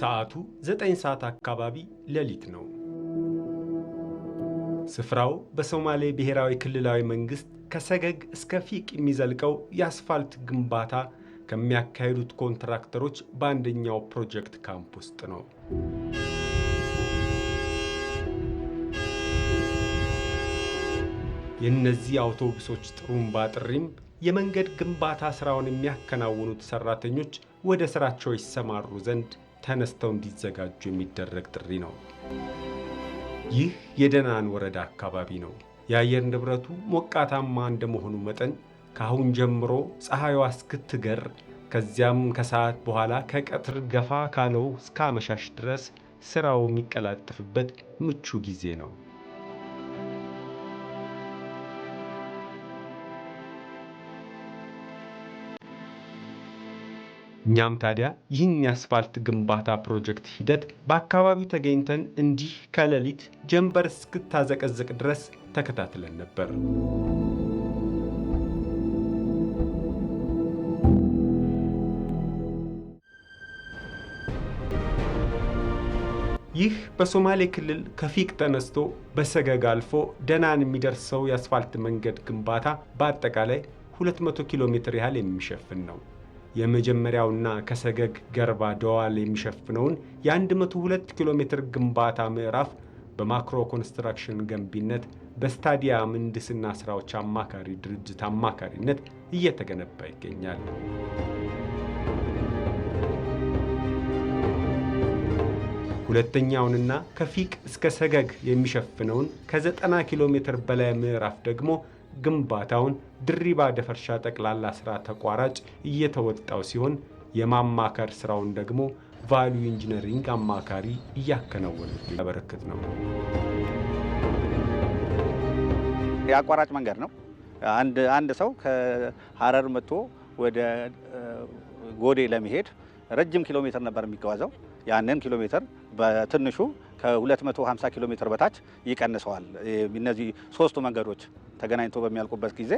ሰዓቱ 9 ሰዓት አካባቢ ሌሊት ነው። ስፍራው በሶማሌ ብሔራዊ ክልላዊ መንግሥት ከሰገግ እስከ ፊቅ የሚዘልቀው የአስፋልት ግንባታ ከሚያካሂዱት ኮንትራክተሮች በአንደኛው ፕሮጀክት ካምፕ ውስጥ ነው። የእነዚህ አውቶቡሶች ጥሩምባ ጥሪም የመንገድ ግንባታ ሥራውን የሚያከናውኑት ሠራተኞች ወደ ሥራቸው ይሰማሩ ዘንድ ተነስተው እንዲዘጋጁ የሚደረግ ጥሪ ነው። ይህ የደናን ወረዳ አካባቢ ነው። የአየር ንብረቱ ሞቃታማ እንደመሆኑ መጠን ከአሁን ጀምሮ ፀሐይዋ እስክትገር ከዚያም ከሰዓት በኋላ ከቀትር ገፋ ካለው እስከ አመሻሽ ድረስ ስራው የሚቀላጠፍበት ምቹ ጊዜ ነው። እኛም ታዲያ ይህን የአስፋልት ግንባታ ፕሮጀክት ሂደት በአካባቢው ተገኝተን እንዲህ ከሌሊት ጀንበር እስክታዘቀዝቅ ድረስ ተከታትለን ነበር። ይህ በሶማሌ ክልል ከፊቅ ተነስቶ በሰገግ አልፎ ደናን የሚደርሰው የአስፋልት መንገድ ግንባታ በአጠቃላይ 200 ኪሎ ሜትር ያህል የሚሸፍን ነው። የመጀመሪያውና ከሰገግ ገርባ ደዋል የሚሸፍነውን የ102 ኪሎ ሜትር ግንባታ ምዕራፍ በማክሮ ኮንስትራክሽን ገንቢነት በስታዲያ ምህንድስና ስራዎች አማካሪ ድርጅት አማካሪነት እየተገነባ ይገኛል። ሁለተኛውንና ከፊቅ እስከ ሰገግ የሚሸፍነውን ከ90 ኪሎ ሜትር በላይ ምዕራፍ ደግሞ ግንባታውን ድሪባ ደፈርሻ ጠቅላላ ስራ ተቋራጭ እየተወጣው ሲሆን የማማከር ስራውን ደግሞ ቫልዩ ኢንጂነሪንግ አማካሪ እያከናወነ ያበረክት ነው። የአቋራጭ መንገድ ነው። አንድ ሰው ከሀረር መጥቶ ወደ ጎዴ ለመሄድ ረጅም ኪሎ ሜትር ነበር የሚጓዘው። ያንን ኪሎ ሜትር በትንሹ ከ250 ኪሎ ሜትር በታች ይቀንሰዋል። እነዚህ ሶስቱ መንገዶች ተገናኝቶ በሚያልቁበት ጊዜ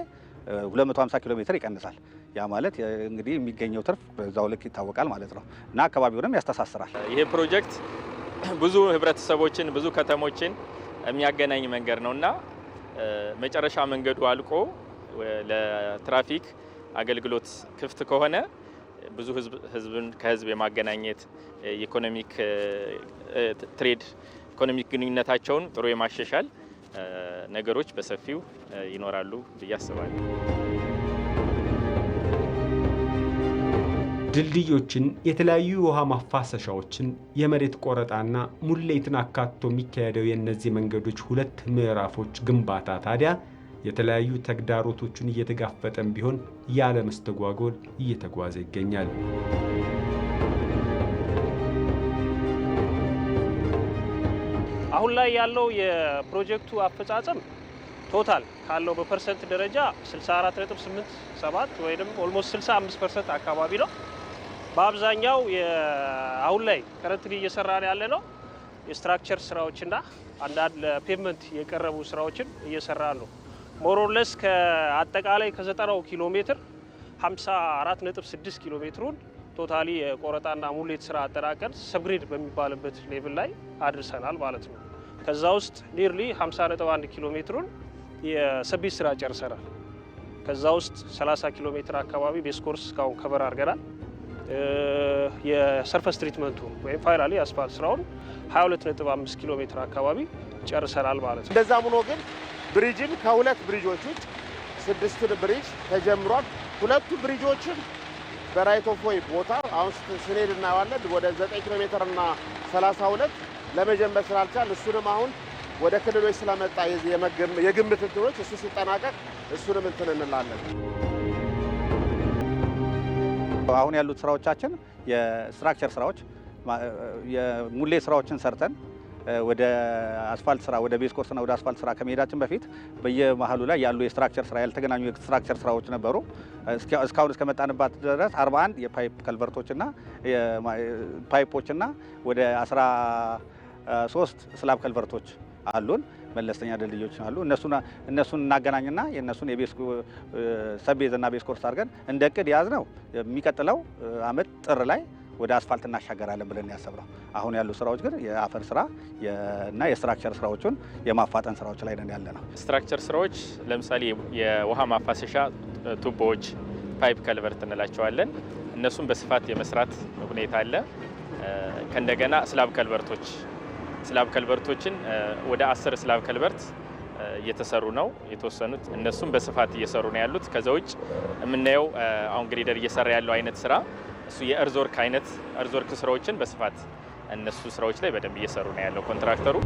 250 ኪሎ ሜትር ይቀንሳል። ያ ማለት እንግዲህ የሚገኘው ትርፍ በዛው ልክ ይታወቃል ማለት ነው እና አካባቢውንም ያስተሳስራል። ይሄ ፕሮጀክት ብዙ ህብረተሰቦችን፣ ብዙ ከተሞችን የሚያገናኝ መንገድ ነው እና መጨረሻ መንገዱ አልቆ ለትራፊክ አገልግሎት ክፍት ከሆነ ብዙ ህዝብን ከህዝብ የማገናኘት ኢኮኖሚክ ትሬድ ኢኮኖሚክ ግንኙነታቸውን ጥሩ የማሻሻል ነገሮች በሰፊው ይኖራሉ ብዬ አስባለሁ። ድልድዮችን፣ የተለያዩ የውሃ ማፋሰሻዎችን፣ የመሬት ቆረጣና ሙሌትን አካቶ የሚካሄደው የእነዚህ መንገዶች ሁለት ምዕራፎች ግንባታ ታዲያ የተለያዩ ተግዳሮቶችን እየተጋፈጠም ቢሆን ያለ መስተጓጎል እየተጓዘ ይገኛል። ላይ ያለው የፕሮጀክቱ አፈጻጸም ቶታል ካለው በፐርሰንት ደረጃ 64.87 ወይ ደግሞ ኦልሞስት 65 ፐርሰንት አካባቢ ነው። በአብዛኛው አሁን ላይ ከረንትሊ እየሰራ ያለ ነው የስትራክቸር ስራዎችና አንዳንድ ለፔቭመንት የቀረቡ ስራዎችን እየሰራ ነው። ሞሮለስ ከአጠቃላይ ከዘጠናው ኪሎ ሜትር 54.6 ኪሎ ሜትሩን ቶታሊ የቆረጣና ሙሌት ስራ አጠናቀን ሰብግሬድ በሚባልበት ሌቭል ላይ አድርሰናል ማለት ነው። ከዛ ውስጥ ኒርሊ 50.1 ኪሎ ሜትሩን የሰቢስ ስራ ጨርሰናል። ከዛ ውስጥ 30 ኪሎ ሜትር አካባቢ ቤስ ኮርስ እስካሁን ከበር አድርገናል። የሰርፈስ ትሪትመንቱ ወይም ፋይናሊ አስፋልት ስራውን 22.5 ኪሎ ሜትር አካባቢ ጨርሰናል ማለት ነው። እንደዛም ሆኖ ግን ብሪጅን ከሁለት ብሪጆች ውጭ ስድስትን ብሪጅ ተጀምሯል። ሁለቱ ብሪጆችን በራይት ኦፍ ቦታ አሁን ስንሄድ እናየዋለን ወደ 9 ኪሎ ሜትር እና 32 ለመጀመር ስላልቻል እሱንም አሁን ወደ ክልሎች ስለመጣ የግምት እንትኖች እሱ ሲጠናቀቅ እሱንም እንትን እንላለን። አሁን ያሉት ስራዎቻችን የስትራክቸር ስራዎች፣ የሙሌ ስራዎችን ሰርተን ወደ አስፋልት ስራ ወደ ቤዝ ኮርስና ወደ አስፋልት ስራ ከመሄዳችን በፊት በየመሀሉ ላይ ያሉ የስትራክቸር ስራ ያልተገናኙ የስትራክቸር ስራዎች ነበሩ። እስካሁን እስከመጣንባት ድረስ 41 የፓይፕ ከልቨርቶችና ፓይፖችና ወደ ሶስት ስላብ ከልቨርቶች አሉን መለስተኛ ድልድዮች አሉ። እነሱን እነሱን እናገናኝና የእነሱን የቤስ ሰቤዝና ቤስ ኮርስ አድርገን እንደ እቅድ ያዝ ነው የሚቀጥለው አመት ጥር ላይ ወደ አስፋልት እናሻገራለን ብለን ያሰብነው። አሁን ያሉ ስራዎች ግን የአፈር ስራ እና የስትራክቸር ስራዎችን የማፋጠን ስራዎች ላይ ነን ያለ ነው። ስትራክቸር ስራዎች ለምሳሌ የውሃ ማፋሰሻ ቱቦዎች፣ ፓይፕ ከልቨርት እንላቸዋለን። እነሱን በስፋት የመስራት ሁኔታ አለ። ከእንደገና ስላብ ከልቨርቶች ስላብ ከልበርቶችን ወደ አስር ስላብ ከልበርት እየተሰሩ ነው የተወሰኑት እነሱም በስፋት እየሰሩ ነው ያሉት። ከዛ ውጭ የምናየው አሁን ግሬደር እየሰራ ያለው አይነት ስራ እሱ የእርዞርክ አይነት እርዞርክ ስራዎችን በስፋት እነሱ ስራዎች ላይ በደንብ እየሰሩ ነው ያለው ኮንትራክተሩ።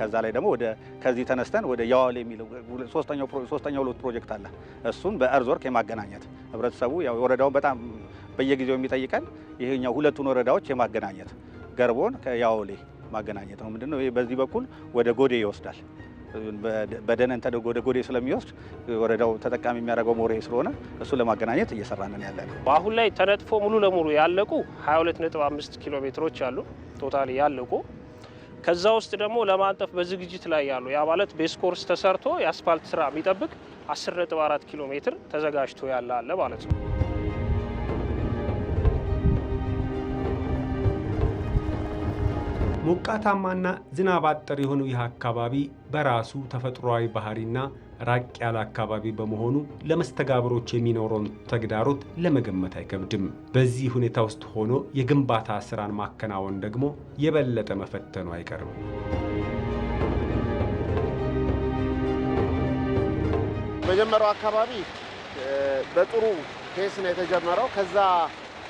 ከዛ ላይ ደግሞ ወደ ከዚህ ተነስተን ወደ ያዋል የሚለው ሶስተኛው ሶስተኛው ሎት ፕሮጀክት አለ። እሱን በእርዝ የማገናኘት ህብረተሰቡ ያው ወረዳውን በጣም በየጊዜው የሚጠይቀን ይሄኛው ሁለቱን ወረዳዎች የማገናኘት ገርቦን ከያወሌ ማገናኘት ነው። ምንድነው ይሄ በዚህ በኩል ወደ ጎዴ ይወስዳል። በደነን ተደጎ ወደ ጎዴ ስለሚወስድ ወረዳው ተጠቃሚ የሚያደርገው ሞሬ ስለሆነ እሱ ለማገናኘት እየሰራን ያለ ነው። አሁን ላይ ተነጥፎ ሙሉ ለሙሉ ያለቁ 22.5 ኪሎ ሜትሮች አሉ ቶታሊ ያለቁ ከዛ ውስጥ ደግሞ ለማንጠፍ በዝግጅት ላይ ያሉ ያ ማለት ቤስ ኮርስ ተሰርቶ የአስፋልት ስራ የሚጠብቅ 10.4 ኪሎ ሜትር ተዘጋጅቶ ያለ አለ ማለት ነው። ሞቃታማና ዝናብ አጠር የሆነው ይህ አካባቢ በራሱ ተፈጥሯዊ ባህሪና ራቅ ያለ አካባቢ በመሆኑ ለመስተጋብሮች የሚኖረውን ተግዳሮት ለመገመት አይከብድም። በዚህ ሁኔታ ውስጥ ሆኖ የግንባታ ስራን ማከናወን ደግሞ የበለጠ መፈተኑ አይቀርም። መጀመሪያው አካባቢ በጥሩ ኬስ ነው የተጀመረው። ከዛ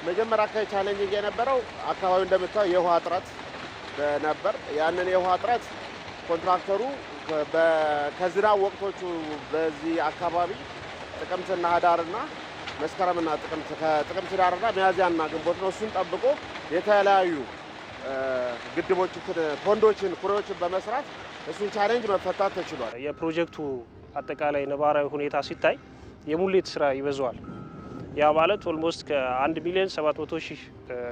መጀመሪያ አካባቢ ቻለንጅ የነበረው አካባቢው እንደምታየው የውሃ እጥረት ነበር። ያንን የውሃ እጥረት ኮንትራክተሩ ከዝናብ ወቅቶቹ በዚህ አካባቢ ጥቅምትና ህዳርና መስከረምና ጥቅምት ህዳርና ሚያዝያና ግንቦት ነው። እሱን ጠብቆ የተለያዩ ግድቦች፣ ፖንዶችን፣ ኩሬዎችን በመስራት እሱን ቻሌንጅ መፈታት ተችሏል። የፕሮጀክቱ አጠቃላይ ነባራዊ ሁኔታ ሲታይ የሙሌት ስራ ይበዛዋል። ያ ማለት ኦልሞስት ከ1 ሚሊዮን 700 ሺህ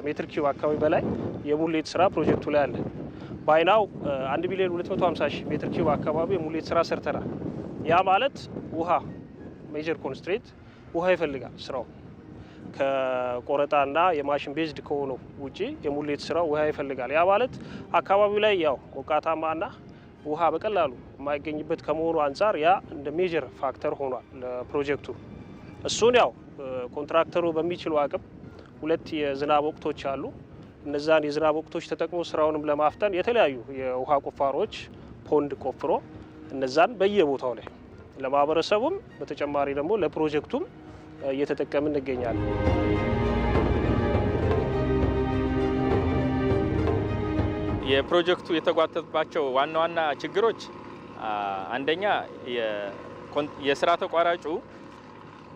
ሜትር ኪዩብ አካባቢ በላይ የሙሌት ስራ ፕሮጀክቱ ላይ አለ። ባይናው 1 ቢሊዮን 250 ሺህ ሜትር ኪዩብ አካባቢ የሙሌት ስራ ሰርተናል። ያ ማለት ውሃ ሜጀር ኮንስትሬት ውሃ ይፈልጋል ስራው ከቆረጣና የማሽን ቤዝድ ከሆነው ውጪ የሙሌት ስራው ውሃ ይፈልጋል። ያ ማለት አካባቢው ላይ ያው ሞቃታማና ውሃ በቀላሉ የማይገኝበት ከመሆኑ አንጻር ያ እንደ ሜጀር ፋክተር ሆኗል ለፕሮጀክቱ። እሱን ያው ኮንትራክተሩ በሚችሉ አቅም ሁለት የዝናብ ወቅቶች አሉ እነዛን የዝናብ ወቅቶች ተጠቅሞ ስራውንም ለማፍጠን የተለያዩ የውሃ ቁፋሮች ፖንድ ቆፍሮ እነዛን በየቦታው ላይ ለማህበረሰቡም በተጨማሪ ደግሞ ለፕሮጀክቱም እየተጠቀምን እንገኛለን። የፕሮጀክቱ የተጓተተባቸው ዋና ዋና ችግሮች አንደኛ የስራ ተቋራጩ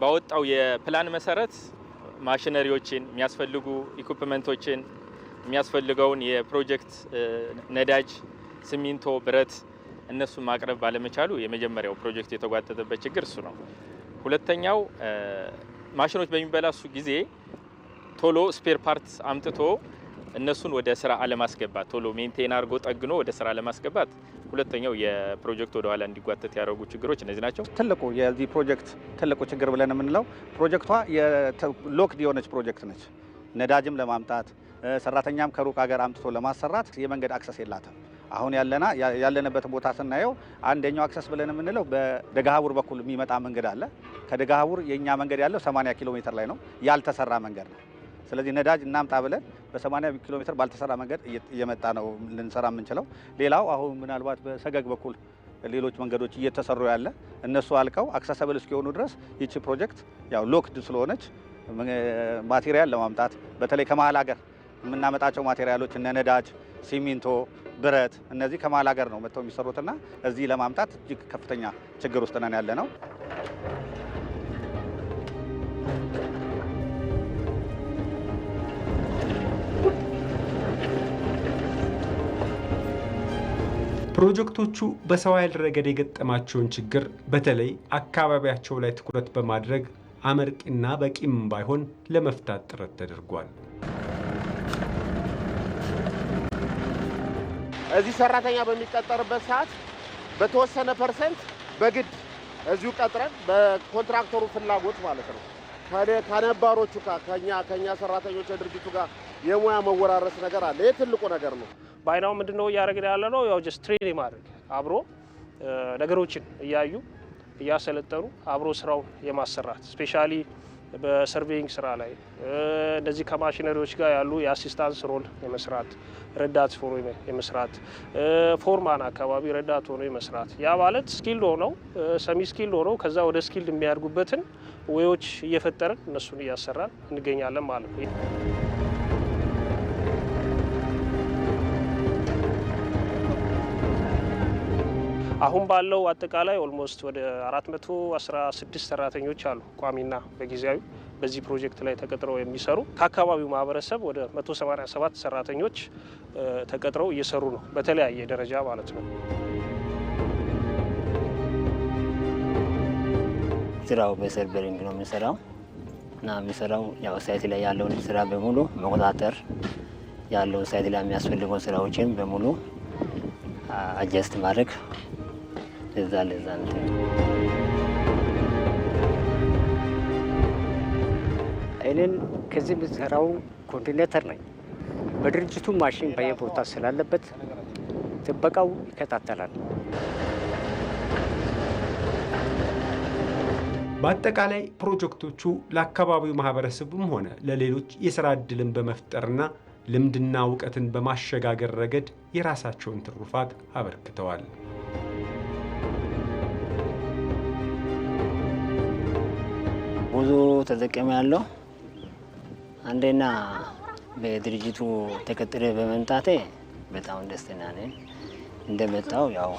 ባወጣው የፕላን መሰረት ማሽነሪዎችን የሚያስፈልጉ ኢኩፕመንቶችን የሚያስፈልገውን የፕሮጀክት ነዳጅ፣ ሲሚንቶ፣ ብረት እነሱን ማቅረብ ባለመቻሉ የመጀመሪያው ፕሮጀክት የተጓተተበት ችግር እሱ ነው። ሁለተኛው ማሽኖች በሚበላሱ ጊዜ ቶሎ ስፔር ፓርት አምጥቶ እነሱን ወደ ስራ አለማስገባት ቶሎ ሜንቴን አድርጎ ጠግኖ ወደ ስራ አለማስገባት ሁለተኛው የፕሮጀክት ወደኋላ እንዲጓተት ያደረጉ ችግሮች እነዚህ ናቸው። ትልቁ የዚህ ፕሮጀክት ትልቁ ችግር ብለን የምንለው ፕሮጀክቷ ሎክድ የሆነች ፕሮጀክት ነች። ነዳጅም ለማምጣት ሰራተኛም ከሩቅ ሀገር አምጥቶ ለማሰራት የመንገድ አክሰስ የላትም። አሁን ያለና ያለንበት ቦታ ስናየው አንደኛው አክሰስ ብለን የምንለው በደጋሀቡር በኩል የሚመጣ መንገድ አለ። ከደጋሀቡር የእኛ መንገድ ያለው 80 ኪሎ ሜትር ላይ ነው፣ ያልተሰራ መንገድ ነው። ስለዚህ ነዳጅ እናምጣ ብለን በ80 ኪሎ ሜትር ባልተሰራ መንገድ እየመጣ ነው ልንሰራ የምንችለው። ሌላው አሁን ምናልባት በሰገግ በኩል ሌሎች መንገዶች እየተሰሩ ያለ እነሱ አልቀው አክሰሰብል እስኪሆኑ ድረስ ይቺ ፕሮጀክት ያው ሎክድ ስለሆነች ማቴሪያል ለማምጣት በተለይ ከመሀል ሀገር የምናመጣቸው ማቴሪያሎች እነ ነዳጅ፣ ሲሚንቶ፣ ብረት እነዚህ ከመሀል ሀገር ነው መጥተው የሚሰሩትና እዚህ ለማምጣት እጅግ ከፍተኛ ችግር ውስጥ ነን ያለ ነው። ፕሮጀክቶቹ በሰው ኃይል ረገድ የገጠማቸውን ችግር በተለይ አካባቢያቸው ላይ ትኩረት በማድረግ አመርቂና በቂም ባይሆን ለመፍታት ጥረት ተደርጓል። እዚህ ሰራተኛ በሚቀጠርበት ሰዓት በተወሰነ ፐርሰንት በግድ እዚሁ ቀጥረን በኮንትራክተሩ ፍላጎት ማለት ነው ከነባሮቹ ጋር ከኛ ከኛ ሰራተኞች ድርጅቱ ጋር የሙያ መወራረስ ነገር አለ። ይህ ትልቁ ነገር ነው። ባይናው ምንድነው እያደረግን ያለ ነው? ያው ጀስት ማድረግ አብሮ ነገሮችን እያዩ እያሰለጠኑ አብሮ ስራው የማሰራት ስፔሻሊ በሰርቬይንግ ስራ ላይ እንደዚህ ከማሽነሪዎች ጋር ያሉ የአሲስታንስ ሮል የመስራት ረዳት ሆኖ የመስራት ፎርማን አካባቢ ረዳት ሆኖ የመስራት ያ ማለት ስኪል ሆነው ሰሚ ስኪል ሆነው ከዛ ወደ ስኪል የሚያድጉበትን ወዮች እየፈጠርን እነሱን እያሰራን እንገኛለን ማለት ነው። አሁን ባለው አጠቃላይ ኦልሞስት ወደ 416 ሰራተኞች አሉ ቋሚና በጊዜያዊ በዚህ ፕሮጀክት ላይ ተቀጥረው የሚሰሩ ከአካባቢው ማህበረሰብ ወደ 187 ሰራተኞች ተቀጥረው እየሰሩ ነው፣ በተለያየ ደረጃ ማለት ነው። ስራው በሰርበሪንግ ነው የምንሰራው እና የምንሰራው ያው ሳይት ላይ ያለውን ስራ በሙሉ መቆጣጠር ያለውን ሳይት ላይ የሚያስፈልገውን ስራዎችን በሙሉ አጀስት ማድረግ ለዛ ለዛ እንትን እኔን ከዚህ የምሰራው ኮንዲኔተር ነኝ። በድርጅቱ ማሽን በየቦታ ስላለበት ጥበቃው ይከታተላል። በአጠቃላይ ፕሮጀክቶቹ ለአካባቢው ማህበረሰብም ሆነ ለሌሎች የሥራ ዕድልን በመፍጠርና ልምድና እውቀትን በማሸጋገር ረገድ የራሳቸውን ትሩፋት አበርክተዋል። ብዙ ተጠቀሚ ያለው አንደና በድርጅቱ ተቀጥሬ በመምጣቴ በጣም ደስተኛ ነኝ። እንደመጣው ያው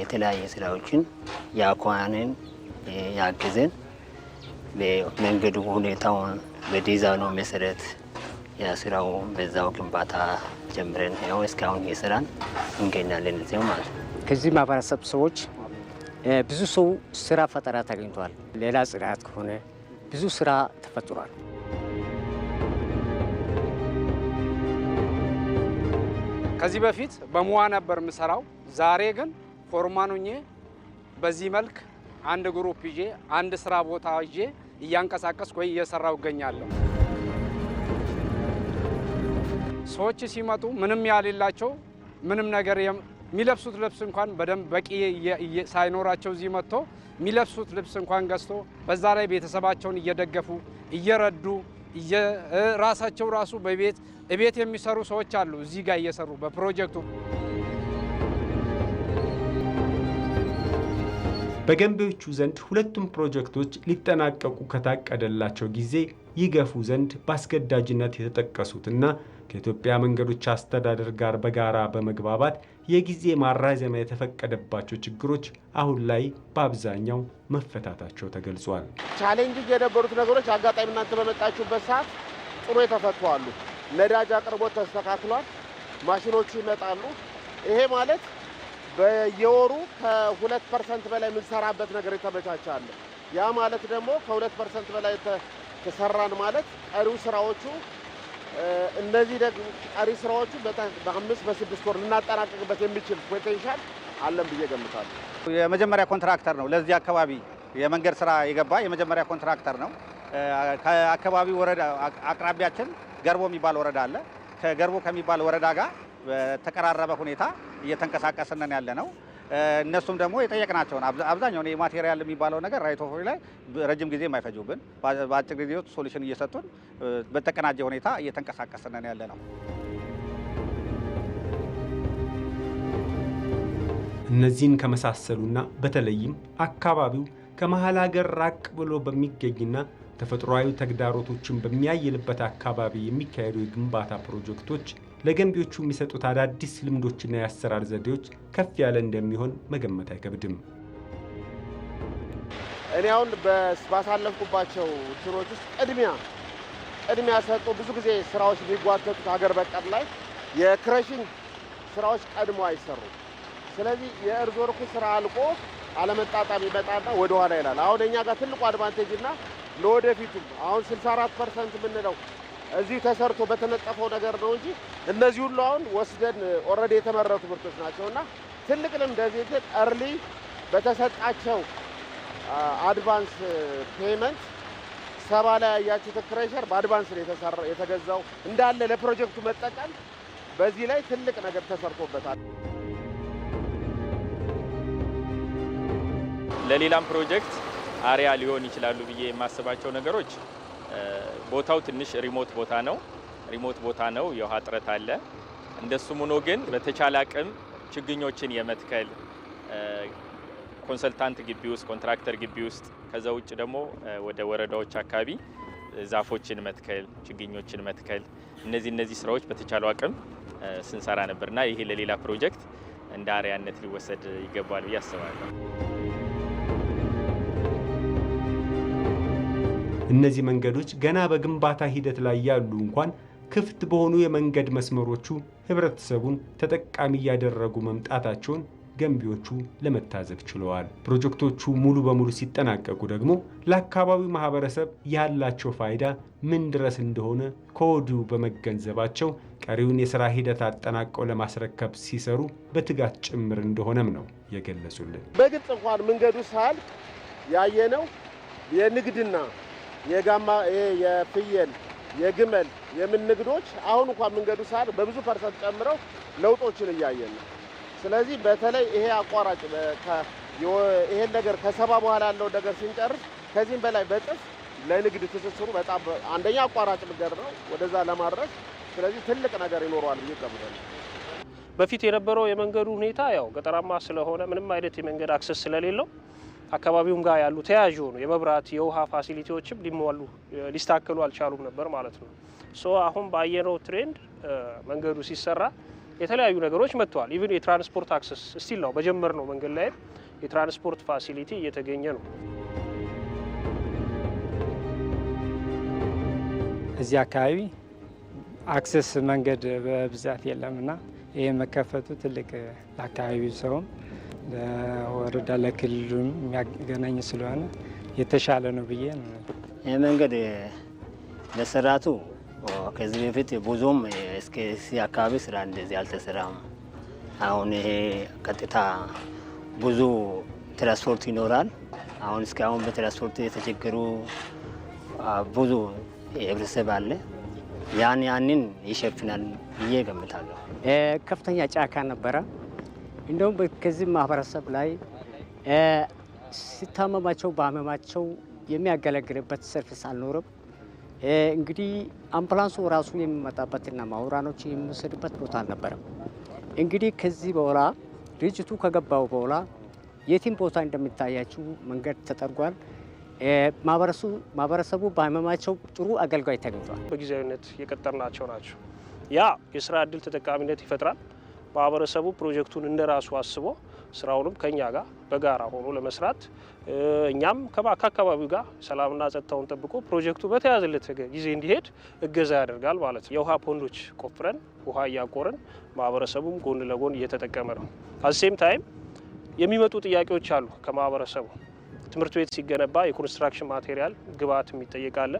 የተለያየ ስራዎችን ያኳንን ያግዘን በመንገዱ ሁኔታውን በዲዛይኑ መሰረት ያስራው በዛው ግንባታ ጀምረን ያው እስካሁን የስራን እንገኛለን እዚያው ማለት ነው። ከዚህ ማህበረሰብ ሰዎች ብዙ ሰው ስራ ፈጠራ ተገኝቷል። ሌላ ጽዳት ከሆነ ብዙ ስራ ተፈጥሯል። ከዚህ በፊት በሙዋ ነበር የምሰራው። ዛሬ ግን ፎርማን ሆኜ በዚህ መልክ አንድ ግሩፕ ይዤ አንድ ስራ ቦታ ይዤ እያንቀሳቀስ ወይ እየሰራው እገኛለሁ። ሰዎች ሲመጡ ምንም ያሌላቸው ምንም ነገር የሚለብሱት ልብስ እንኳን በደንብ በቂ ሳይኖራቸው እዚህ መጥቶ የሚለብሱት ልብስ እንኳን ገዝቶ በዛ ላይ ቤተሰባቸውን እየደገፉ እየረዱ ራሳቸው ራሱ በቤት እቤት የሚሰሩ ሰዎች አሉ እዚህ ጋር እየሰሩ በፕሮጀክቱ በገንቢዎቹ ዘንድ ሁለቱም ፕሮጀክቶች ሊጠናቀቁ ከታቀደላቸው ጊዜ ይገፉ ዘንድ በአስገዳጅነት የተጠቀሱትና ከኢትዮጵያ መንገዶች አስተዳደር ጋር በጋራ በመግባባት የጊዜ ማራዘሚያ የተፈቀደባቸው ችግሮች አሁን ላይ በአብዛኛው መፈታታቸው ተገልጿል። ቻሌንጅ የነበሩት ነገሮች አጋጣሚ እናንተ በመጣችሁበት ሰዓት ጥሩ የተፈቷሉ። ነዳጅ አቅርቦት ተስተካክሏል። ማሽኖቹ ይመጣሉ። ይሄ ማለት በየወሩ ከሁለት ፐርሰንት በላይ የምንሰራበት ነገር የተመቻቻለ። ያ ማለት ደግሞ ከሁለት ፐርሰንት በላይ ተሰራን ማለት ቀሪው ስራዎቹ እነዚህ ደግሞ ቀሪ ስራዎቹ በአምስት በስድስት ወር ልናጠናቀቅበት የሚችል ፖቴንሻል አለን ብዬ ገምታለሁ። የመጀመሪያ ኮንትራክተር ነው ለዚህ አካባቢ የመንገድ ስራ የገባ የመጀመሪያ ኮንትራክተር ነው። ከአካባቢው ወረዳ አቅራቢያችን ገርቦ የሚባል ወረዳ አለ። ከገርቦ ከሚባል ወረዳ ጋር በተቀራረበ ሁኔታ እየተንቀሳቀስን ያለ ነው። እነሱም ደግሞ የጠየቅናቸውን አብዛኛውን የማቴሪያል የሚባለው ነገር ራይት ኦፍ ዌይ ላይ ረጅም ጊዜ የማይፈጁብን በአጭር ጊዜ ውስጥ ሶሉሽን እየሰጡን በተቀናጀ ሁኔታ እየተንቀሳቀስን ያለ ነው። እነዚህን ከመሳሰሉና በተለይም አካባቢው ከመሀል ሀገር ራቅ ብሎ በሚገኝና ተፈጥሯዊ ተግዳሮቶችን በሚያይልበት አካባቢ የሚካሄዱ የግንባታ ፕሮጀክቶች ለገንቢዎቹ የሚሰጡት አዳዲስ ልምዶችና የአሰራር ዘዴዎች ከፍ ያለ እንደሚሆን መገመት አይከብድም። እኔ አሁን ባሳለፍኩባቸው ትሮች ውስጥ ቅድሚያ ቅድሚያ ሰጡ ብዙ ጊዜ ስራዎች የሚጓተቱት ሀገር በቀል ላይ የክረሽንግ ስራዎች ቀድሞ አይሰሩም። ስለዚህ የእርዞርኩ ስራ አልቆ አለመጣጣም ይመጣና ወደኋላ ይላል። አሁን እኛ ጋር ትልቁ አድቫንቴጅ እና ለወደፊቱም አሁን 64 ፐርሰንት የምንለው እዚህ ተሰርቶ በተነጠፈው ነገር ነው እንጂ እነዚህ ሁሉ አሁን ወስደን ኦልሬዲ የተመረቱ ምርቶች ናቸው እና ትልቅ ልምድ እዚህ ግን እርሊ በተሰጣቸው አድቫንስ ፔመንት ሰባ ላይ ያያችሁት ክሬሸር በአድቫንስ ነው የተገዛው እንዳለ ለፕሮጀክቱ መጠቀም በዚህ ላይ ትልቅ ነገር ተሰርቶበታል። ለሌላም ፕሮጀክት አሪያ ሊሆን ይችላሉ ብዬ የማስባቸው ነገሮች ቦታው ትንሽ ሪሞት ቦታ ነው። ሪሞት ቦታ ነው፣ የውሃ እጥረት አለ። እንደሱም ሆኖ ግን በተቻለ አቅም ችግኞችን የመትከል ኮንሰልታንት ግቢ ውስጥ፣ ኮንትራክተር ግቢ ውስጥ፣ ከዛ ውጭ ደግሞ ወደ ወረዳዎች አካባቢ ዛፎችን መትከል፣ ችግኞችን መትከል እነዚህ እነዚህ ስራዎች በተቻለ አቅም ስንሰራ ነበርና ይሄ ለሌላ ፕሮጀክት እንደ ሊወሰድ ይገባል ብዬ አስባለሁ። እነዚህ መንገዶች ገና በግንባታ ሂደት ላይ ያሉ እንኳን ክፍት በሆኑ የመንገድ መስመሮቹ ህብረተሰቡን ተጠቃሚ እያደረጉ መምጣታቸውን ገንቢዎቹ ለመታዘብ ችለዋል። ፕሮጀክቶቹ ሙሉ በሙሉ ሲጠናቀቁ ደግሞ ለአካባቢው ማህበረሰብ ያላቸው ፋይዳ ምን ድረስ እንደሆነ ከወዲሁ በመገንዘባቸው ቀሪውን የሥራ ሂደት አጠናቀው ለማስረከብ ሲሰሩ በትጋት ጭምር እንደሆነም ነው የገለጹልን። በግልጽ እንኳን መንገዱ ሳል ያየነው የንግድና የጋማ የፍየል የግመል የምን ንግዶች አሁን እንኳን መንገዱ ሳር በብዙ ፐርሰንት ጨምረው ለውጦችን እያየን ነው። ስለዚህ በተለይ ይሄ አቋራጭ ይሄን ነገር ከሰባ በኋላ ያለው ነገር ስንጨርስ ከዚህም በላይ በጥፍ ለንግድ ትስስሩ በጣም አንደኛ አቋራጭ ነገር ነው ወደዛ ለማድረስ ስለዚህ ትልቅ ነገር ይኖረዋል ብዬ እገምታለሁ። በፊት የነበረው የመንገዱ ሁኔታ ያው ገጠራማ ስለሆነ ምንም አይነት የመንገድ አክሰስ ስለሌለው አካባቢውም ጋር ያሉ ተያያዥ የሆኑ የመብራት የውሃ ፋሲሊቲዎችም ሊሟሉ ሊስተካከሉ አልቻሉም ነበር ማለት ነው። ሶ አሁን ባየነው ትሬንድ መንገዱ ሲሰራ የተለያዩ ነገሮች መጥተዋል። ኢቭን የትራንስፖርት አክሰስ ስቲል ነው በጀመር ነው መንገድ ላይም የትራንስፖርት ፋሲሊቲ እየተገኘ ነው። እዚህ አካባቢ አክሰስ መንገድ በብዛት የለምና ይህ መከፈቱ ትልቅ ለአካባቢው ሰውም ለወረዳ ለክልሉ የሚያገናኝ ስለሆነ የተሻለ ነው ብዬ ይህ መንገድ ለስራቱ ከዚህ በፊት ብዙም እስከ አካባቢ ስራ እንደዚህ አልተሰራም። አሁን ይሄ ቀጥታ ብዙ ትራንስፖርት ይኖራል። አሁን እስካሁን በትራንስፖርት የተቸገሩ ብዙ ህብረተሰብ አለ። ያን ያንን ይሸፍናል ብዬ ገምታለሁ። ከፍተኛ ጫካ ነበረ። እንደውም ከዚህ ማህበረሰብ ላይ ሲታመማቸው በአመማቸው የሚያገለግልበት ሰርፊስ አልኖርም። እንግዲህ አምቡላንሱ ራሱ የሚመጣበትና ማውራኖች የሚወሰድበት ቦታ አልነበረም። እንግዲህ ከዚህ በኋላ ድርጅቱ ከገባው በኋላ የቲም ቦታ እንደሚታያችው መንገድ ተጠርጓል። ማህበረሰቡ በህመማቸው ጥሩ አገልጋይ ተገኝቷል። በጊዜያዊነት የቀጠርናቸው ናቸው። ያ የስራ እድል ተጠቃሚነት ይፈጥራል። ማህበረሰቡ ፕሮጀክቱን እንደራሱ አስቦ ስራውንም ከኛ ጋር በጋራ ሆኖ ለመስራት እኛም ከአካባቢው ጋር ሰላምና ጸጥታውን ጠብቆ ፕሮጀክቱ በተያዘለት ጊዜ እንዲሄድ እገዛ ያደርጋል ማለት ነው። የውሃ ፖንዶች ቆፍረን ውሃ እያቆርን ማህበረሰቡም ጎን ለጎን እየተጠቀመ ነው። አሴም ታይም የሚመጡ ጥያቄዎች አሉ ከማህበረሰቡ ትምህርት ቤት ሲገነባ የኮንስትራክሽን ማቴሪያል ግብአት የሚጠየቃለ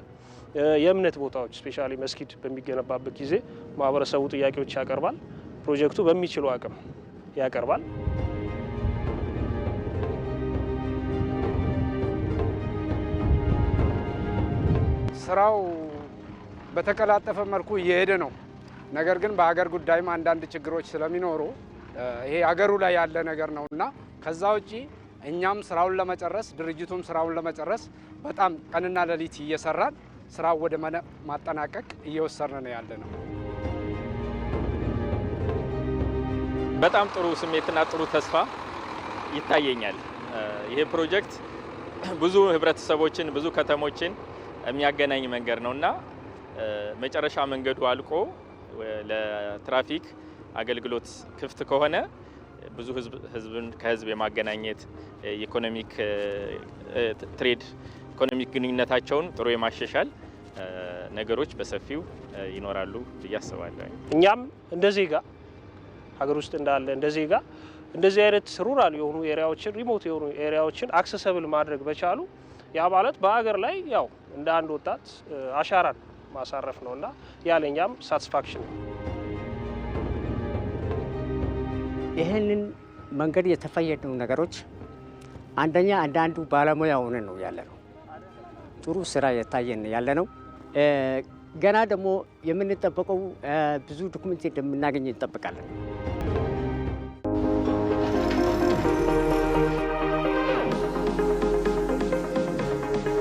የእምነት ቦታዎች ስፔሻሊ መስጊድ በሚገነባበት ጊዜ ማህበረሰቡ ጥያቄዎች ያቀርባል። ፕሮጀክቱ በሚችሉ አቅም ያቀርባል። ስራው በተቀላጠፈ መልኩ እየሄደ ነው። ነገር ግን በሀገር ጉዳይም አንዳንድ ችግሮች ስለሚኖሩ ይሄ ሀገሩ ላይ ያለ ነገር ነው እና ከዛ ውጪ እኛም ስራውን ለመጨረስ ድርጅቱም ስራውን ለመጨረስ በጣም ቀንና ሌሊት እየሰራን ስራው ወደ ማጠናቀቅ እየወሰድን ነው ያለ ነው። በጣም ጥሩ ስሜትና ጥሩ ተስፋ ይታየኛል። ይሄ ፕሮጀክት ብዙ ህብረተሰቦችን ብዙ ከተሞችን የሚያገናኝ መንገድ ነው እና መጨረሻ መንገዱ አልቆ ለትራፊክ አገልግሎት ክፍት ከሆነ ብዙ ህዝብን ከህዝብ የማገናኘት ኢኮኖሚክ ትሬድ ኢኮኖሚክ ግንኙነታቸውን ጥሩ የማሻሻል ነገሮች በሰፊው ይኖራሉ ብዬ አስባለሁ። እኛም እንደ ዜጋ ሀገር ውስጥ እንዳለ እንደዚህ ጋር እንደዚህ አይነት ሩራል የሆኑ ኤሪያዎችን ሪሞት የሆኑ ኤሪያዎችን አክሰሰብል ማድረግ በቻሉ ያ ማለት በሀገር ላይ ያው እንደ አንድ ወጣት አሻራን ማሳረፍ ነው እና ያለኛም ሳትስፋክሽን ነው። ይህንን መንገድ የተፈየድነው ነገሮች አንደኛ አንዳንዱ ባለሙያ ሆነን ነው ያለ ነው። ጥሩ ስራ የታየን ያለ ነው። ገና ደግሞ የምንጠበቀው ብዙ ዶክመንት እንደምናገኝ እንጠብቃለን።